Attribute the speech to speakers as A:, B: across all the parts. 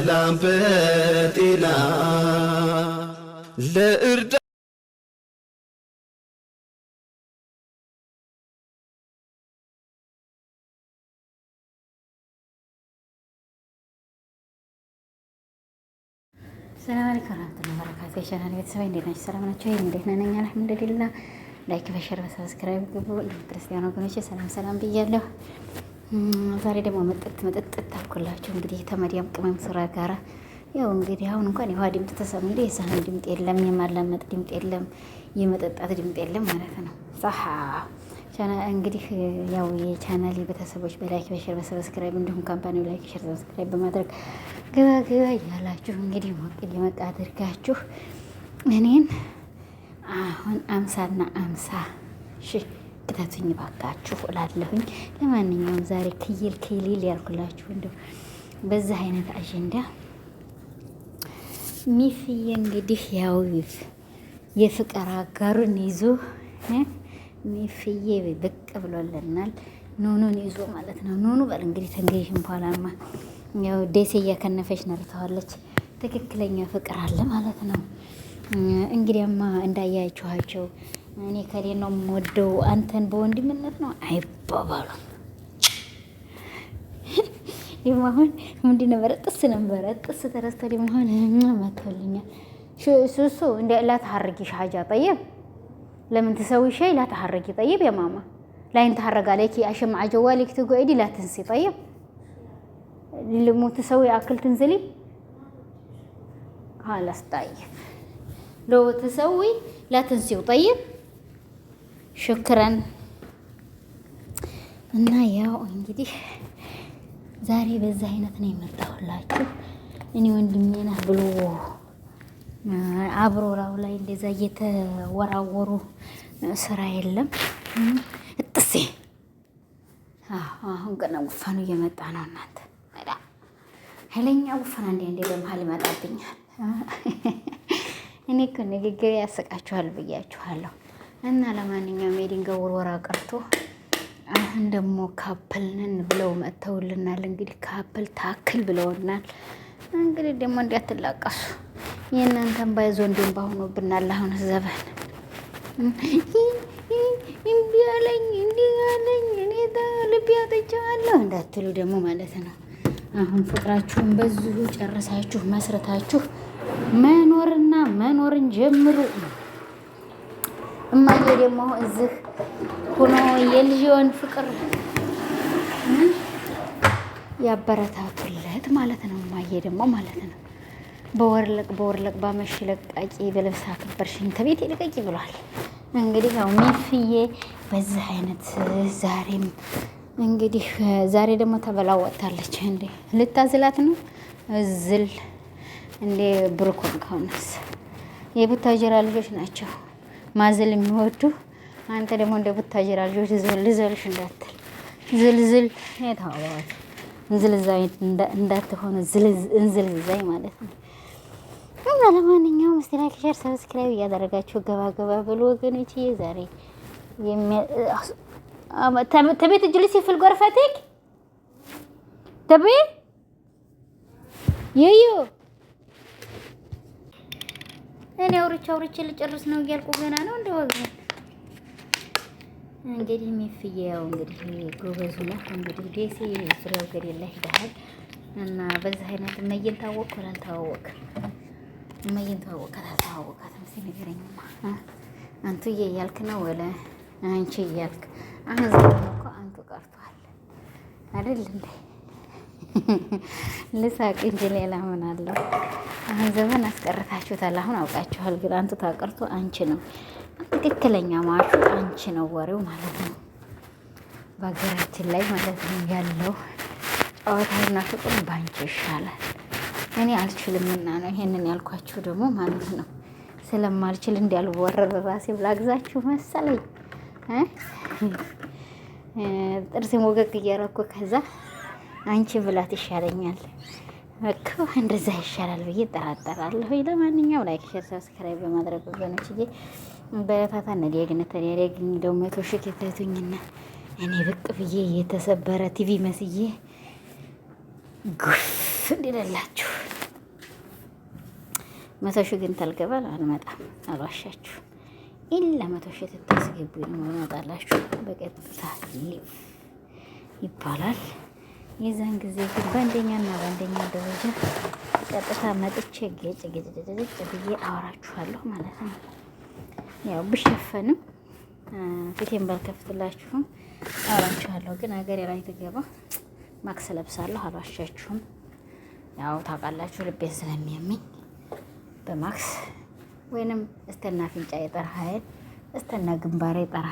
A: በሰላም በጤና ለእርዳ ሰላም አለይኩም ወራህመቱላሂ ወበረካቱ። የቻናል ቤተሰብ እንዴት ናችሁ? ሰላም ናችሁ? ይሄ እንዴት ነን? አልሐምዱሊላህ። ላይክ በሸር በሰብስክራይብ ግቡ። ለክርስቲያን ወገኖቼ ሰላም ሰላም ብያለሁ። ዛሬ ደግሞ መጠጥ መጠጥ ታኩላችሁ እንግዲህ ተመዲያም ቅመም ስራ ጋራ ያው እንግዲህ አሁን እንኳን የውሃ ድምፅ ተሰሙ። የሳህን ድምፅ የለም፣ የማላመጥ ድምፅ የለም፣ የመጠጣት ድምፅ የለም ማለት ነው። ሳሓ እንግዲህ ያው የቻናሌ ቤተሰቦች በላይክ በሸር በሰብስክራይብ እንዲሁም ካምፓኒ ላይክ ሸር ሰብስክራይብ በማድረግ ገባ ገባ እያላችሁ እንግዲህ ሞቅ ሊመቅ አድርጋችሁ እኔን አሁን አምሳና አምሳ ሺህ ክተቱኝ ባካችሁ እላለሁኝ። ለማንኛውም ዛሬ ክይል ክይል ያልኩላችሁ እንደው በዛ አይነት አጀንዳ ሚፍዬ እንግዲህ ያው የፍቅር አጋሩን ይዞ ሚፍዬ ብቅ ብሎልናል። ኑኑን ይዞ ማለት ነው። ኑኑ በል እንግዲህ ተንገዥም በኋላማ ያው ደሴ እያከነፈች ነርተዋለች። ትክክለኛ ፍቅር አለ ማለት ነው። እንግዲያማ እንዳያችኋቸው እኔ ከሌ ነው የምወደው አንተን በወንድምነት ነው አይባባሉም። ደግሞ አሁን ምንድን ነበረ ጥስ ነበረ ጥስ ተረስተ ደግሞ አሁን መቶልኛል። ሱሱ እንደ ላትሐርጊ ሻጃ ጠየብ ለምን ትሰዊ ሻይ ላትሐርጊ ጠየብ የማማ ላይን ተሐረጋ ለኪ ተሐረጋለኪ አሸምዓ ጀዋሊክ ትጉዒዲ ላትንሲ ጠየብ ልሙ ትሰዊ አክል ትንዝሊ ሀላስ ጠይብ ሎ ትሰዊ ላትንሲው ጠይብ ሹክረን እና ያው እንግዲህ ዛሬ በዛ አይነት ነው የመጣሁላችሁ። እኔ ወንድሜ ነህ ብሎ አብሮራው ላይ እንደዛ እየተወራወሩ ስራ የለም። እጥሴ አሁን ገና ጉፋኑ እየመጣ ነው። እናንተ ኃይለኛ ጉፋን አንዴ አንዴ በመሀል ይመጣብኛል። እኔ እኮ ንግግር ያስቃችኋል ብያችኋለሁ። እና ለማንኛውም የድንጋይ ውርወራ ቀርቶ አሁን ደግሞ ካፕልንን ብለው መጥተውልናል። እንግዲህ ካፕል ታክል ብለውናል። እንግዲህ ደግሞ እንዲያትላቀሱ የእናንተን ባይዞ እንዲሁም ባሁኑብናል። አሁን ዘበን እምቢ አለኝ እንዲህ አለኝ እኔ ልቤ እንዳትሉ ደግሞ ማለት ነው። አሁን ፍቅራችሁን በዚሁ ጨርሳችሁ መስረታችሁ መኖርና መኖርን ጀምሩ። እማዬ ደግሞ እዚህ ሆኖ የልጅዮን ፍቅር ያበረታቱለት ማለት ነው። እማዬ ደግሞ ማለት ነው በወርለቅ በወርለቅ ባመሽ ለቃቂ በልብሳ ከበርሽኝ ተቤት ልቀቂ ብሏል። እንግዲህ ያው ሚፍዬ በዚህ አይነት ዛሬም እንግዲህ ዛሬ ደግሞ ተበላ ወጥታለች። እንዴ ልታዝላት ነው እዝል እንዴ ብሩኮን ከሆነስ የቡታጀራ ልጆች ናቸው። ማዘል የሚወዱ አንተ ደግሞ እንደ ቡታጅራ ልጆች ልዘልሽ እንዳትል ዝልዝል የታወባት እንዝልዛይ እንዳትሆኑ እንዝልዛይ ማለት ነው። እና ለማንኛውም እስቲ ላይክ፣ ሼር፣ ሰብስክራይብ እያደረጋችሁ ገባ ገባ ብሎ ወገኖች፣ ዛሬ ተቤት እጅልስ ይፍል ጎርፈቴክ ተቤ ይዩ እኔ አውርቼ አውርቼ ልጨርስ ነው እያልኩ ገና ነው እንደ ወገን እንግዲህ ሚፍየው እንግዲህ ጎበዙና እንግዲህ ደሴ ዙሪያው ገደል ላይ ሄደሃል እና በዛ አይነት መየን ታወቅ አልታወቅ መየን ታወቅ አልታወቃትም እስኪ ንገረኝማ አንቱዬ እያልክ ነው ወለ አንቺ እያልክ አሁን እኮ አንቱ ቀርቷል አይደል እንዴ ልሳቅ እንጂ ሌላ ምን አለው? ገንዘብን አስቀርታችሁታል። አሁን አውቃችኋል። ግን አንቱ ታቀርቶ አንቺ ነው ትክክለኛ ማሹ አንቺ ነው ወሬው ማለት ነው። በሀገራችን ላይ ማለት ነው ያለው ጨዋታና ፍቅር ባንቺ ይሻላል። እኔ አልችልምና ነው ይሄንን ያልኳችሁ ደግሞ ማለት ነው ስለማልችል እንዲያልወረር ራሴ ብላግዛችሁ መሰለኝ ጥርሴ ሞገግ እያረኩ ከዛ አንቺ ብላት ይሻለኛል በቃ እንደዛ ይሻላል ብዬ እጠራጠራለሁ። ለማንኛውም ላይክ፣ ሼር፣ ሰብስክራይብ በማድረግ ወገኖችዬ በታታ ነዲያግነት ተዲያግኝ ደው መቶ ሺህ ከተቱኝና እኔ ብቅ ብዬ የተሰበረ ቲቪ መስዬ ጉፍ እንዲለላችሁ መቶ ሺህ ግን ታልገባል አልመጣም፣ አልዋሻችሁ። ኢላ መቶ ሺህ ትታስገቡ ነው እመጣላችሁ በቀጥታ ይባላል። የዛን ጊዜ ግን በአንደኛና በአንደኛ ደረጃ ቀጥታ መጥቼ ጌጭ ጌጭ ብዬ አወራችኋለሁ ማለት ነው። ያው ብሸፈንም ፊቴን ባልከፍትላችሁም አወራችኋለሁ። ግን ሀገሬ ላይ ትገባ ማክስ ለብሳለሁ አልዋሻችሁም። ያው ታውቃላችሁ ልቤን ስለሚያመኝ በማክስ ወይንም እስተና ፍንጫ የጠራ እስተና ግንባሬ የጠራ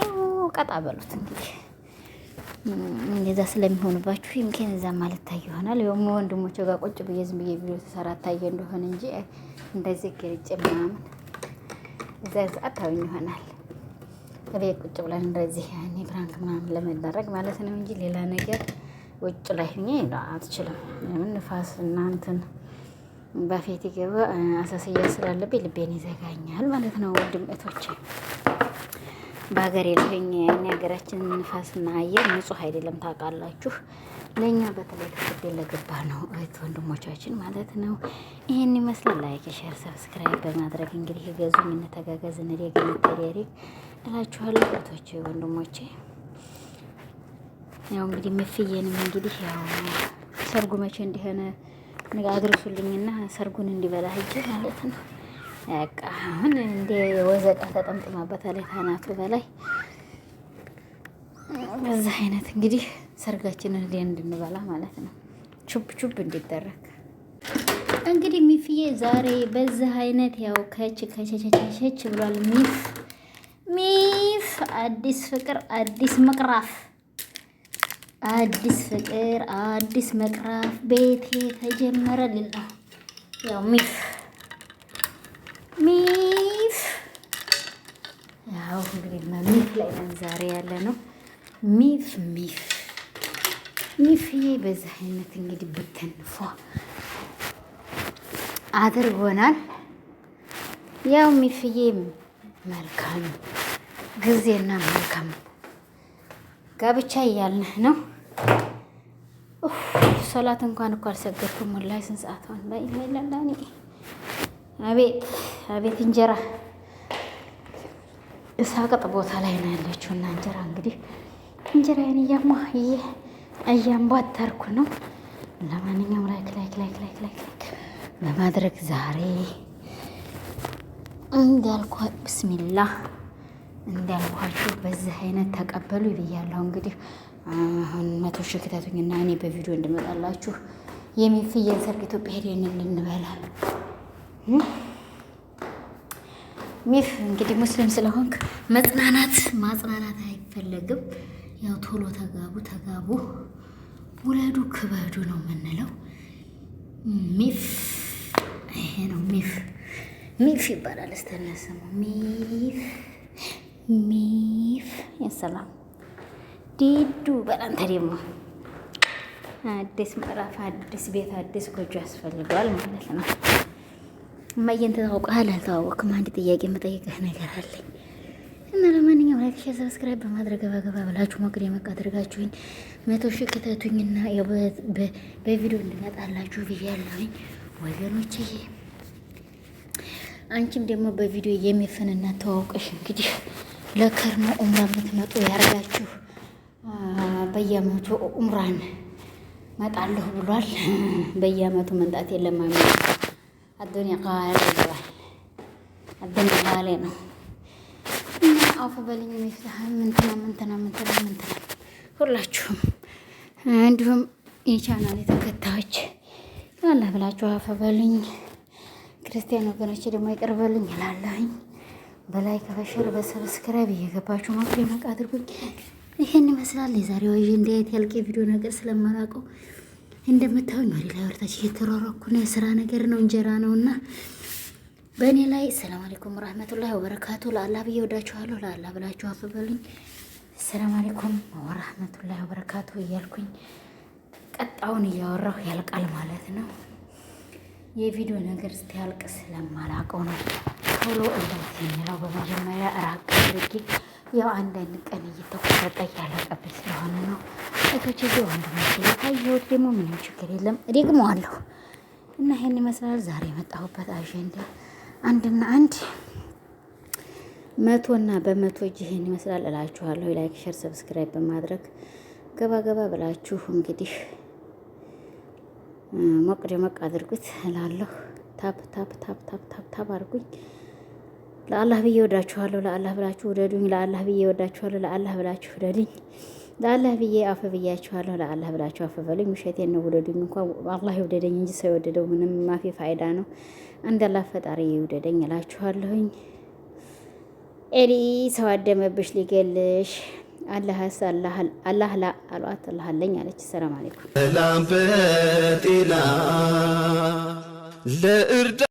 A: ያው ቀጣ በሉት እንግዲህ እንደዛ ስለሚሆንባችሁ ይምኬን እዛ ማለት ታየ ይሆናል። ያው ወንድሞቼ ጋር ቁጭ ብዬ ዝም ብዬ ቪዲዮ ተሰራ ታየ እንደሆነ እንጂ እንደዚህ ገልጭ ምናምን እዛ ሰዓት ታዩኝ ይሆናል። ቤት ቁጭ ብለን እንደዚህ ያኔ ብራንክ ምናምን ለመዳረግ ማለት ነው እንጂ ሌላ ነገር ውጭ ላይ ሆኜ አትችልም። ለምን ንፋስ እናንትን በፊት ይገባ አሳስያ ስላለብኝ ልቤን ይዘጋኛል ማለት ነው። ወንድም እቶቼ በሀገር የለኝ የሀገራችን ንፋስና አየር ንጹህ አይደለም ታውቃላችሁ። ለእኛ በተለይ ተሰደን ለገባ ነው እህት ወንድሞቻችን ማለት ነው። ይህን ይመስላል። ላይክ፣ ሼር፣ ሰብስክራይብ በማድረግ እንግዲህ ገዙ የምንተጋገዝ እንደግ ንተደሪግ እላችኋለሁ እህቶቼ ወንድሞቼ። ያው እንግዲህ ምፍየንም እንግዲህ ያው ሰርጉ መቼ እንደሆነ አድርሱልኝና ሰርጉን እንዲበላ ሂጅ ማለት ነው። በቃ አሁን እንደ ወዘቃ ተጠምጥማበታል ከናቱ በላይ። በዚህ አይነት እንግዲህ ሰርጋችንን እንዲ እንድንበላ ማለት ነው፣ ቹብ ቹብ እንዲደረግ እንግዲህ። ሚፍዬ ዛሬ በዚህ አይነት ያው ከች ከቸቸቸች ብሏል። ሚፍ ሚፍ አዲስ ፍቅር አዲስ መቅራፍ አዲስ ፍቅር አዲስ መቅራፍ ቤቴ ተጀመረ ልላ ያው ሚፍ የለም። ሚፍ ላይ ነን ዛሬ ያለ ነው። ሚፍ ሚፍ ሚፍዬ በዚህ አይነት እንግዲህ ብትንፎ አድርጎናል። ያው ሚፍዬ መልካም ጊዜና መልካም ጋብቻ እያልንህ ነው። ሶላት እንኳን እኮ አልሰገድኩም። ወላሂ ስንት ሰዓት ሆን? አቤት አቤት እንጀራ እሳቅጥ ቦታ ላይ ነው ያለችው እና እንጀራ እንግዲህ እንጀራዬን እያማ ይ እያንቧተርኩ ነው። ለማንኛውም ላይክ ላይክ ላይክ ላይክ ላይክ በማድረግ ዛሬ እንዳልኳ ብስሚላ እንዳልኳችሁ በዚህ አይነት ተቀበሉ ይብያለሁ። እንግዲህ አሁን መቶ ሺህ ክተቱኝ እና እኔ በቪዲዮ እንድመጣላችሁ የሚፍየን ሰርግ ኢትዮጵያ ሄደን እንበላ ሚፍ እንግዲህ ሙስሊም ስለሆንክ መጽናናት ማጽናናት አይፈለግም። ያው ቶሎ ተጋቡ ተጋቡ ውለዱ ክበዱ ነው የምንለው። ሚፍ ይሄ ነው ሚፍ ሚፍ ይባላል። እስተነስሙ ሚፍ ሚፍ የሰላም ዲዱ በላንተ ደግሞ አዲስ ምዕራፍ አዲስ ቤት አዲስ ጎጆ ያስፈልገዋል ማለት ነው። እማዬን ተዋውቀሃል አልተዋወቅም? አንድ ጥያቄ የምጠይቅህ ነገር አለኝ እና ለማንኛውም ላይክ፣ ሼር፣ ሰብስክራይብ በማድረግ ገባገባ ብላችሁ ሞግድ የመቃ አድርጋችሁኝ መቶ ሺህ ክተቱኝና በቪዲዮ እንድመጣላችሁ ብያለሁኝ ወገኖች። ይሄ አንቺም ደግሞ በቪዲዮ የሚፍንና ተዋውቀሽ እንግዲህ ለከርሞ ኡምራ የምትመጡ ያርጋችሁ። በየአመቱ ኡምራን መጣለሁ ብሏል። በየአመቱ መንጣት የለም። አዱንያ ቃል ይለዋል። አዱንያ ቃሌ ነው እና አፉ በልኝ የሚፍትሐ ምንትና ምንትና ምንትና ምንትና ሁላችሁም እንዲሁም የቻናል የተከታዮች አላ ብላችሁ አፈ በልኝ። ክርስቲያን ወገኖች ደግሞ ይቅርበልኝ ይላለኝ። በላይ ከበሸር በሰብስክራይብ እየገባችሁ ማክሪ መቃ ይህን ይመስላል የዛሬው ይዤ እንዲያየት ያልቅ የቪዲዮ ነገር ስለማላውቀው እንደምታዩኝ ወደ ላይ ወርታች እየተሯሯኩ ነው። የስራ ነገር ነው እንጀራ ነው እና በእኔ ላይ ሰላም አለይኩም ወራህመቱላሂ ወበረካቱ። ለአላ ብዬ ወዳችኋለሁ። ለአላ ብላችሁ አበበሉኝ። ሰላም አለይኩም ወራህመቱላሂ ወበረካቱ እያልኩኝ ቀጣውን እያወራሁ ያልቃል ማለት ነው። የቪዲዮ ነገር ስትያልቅ ስለማላቀው ነው ቶሎ እንዳት የሚለው በመጀመሪያ ራቅ አድርጌ ያው አንዳንድ ቀን እየተቆረጠ እያለቀብኝ ስለሆነ ነው። እቶች ዚ ወንድሞች የታየሁት ደግሞ ምንም ችግር የለም አለሁ እና ይህን ይመስላል ዛሬ የመጣሁበት አጀንዳ አንድና አንድ መቶ መቶና በመቶ እጅ ይህን ይመስላል እላችኋለሁ። ላይክ፣ ሸር፣ ሰብስክራይብ በማድረግ ገባ ገባ ብላችሁ እንግዲህ ሞቅ ደመቅ አድርጉት እላለሁ። ታፕ ታፕ ታፕ ታፕ ታፕ ታፕ አድርጉኝ። ለአላህ ብዬ ወዳችኋለሁ። ለአላህ ብላችሁ ውደዱኝ። ለአላህ ብዬ ወዳችኋለሁ። ለአላህ ብላችሁ ውደዱኝ። ለአላህ ብዬ አፈ ብያችኋለሁ። ለአላህ ብላችሁ አፈ በሉኝ። ውሸቴን ነው። ውደዱኝ እንኳ አላህ ይውደደኝ እንጂ ሰው የወደደው ምንም ማፊ ፋይዳ ነው። እንደ እንደላ ፈጣሪ ይውደደኝ እላችኋለሁኝ። ኤሊ ሰው አደመብሽ ሊገልሽ አላህስ አላህ ላ አሏት። አላህ አለኝ አለች። ሰላም አለይኩም ለእርዳ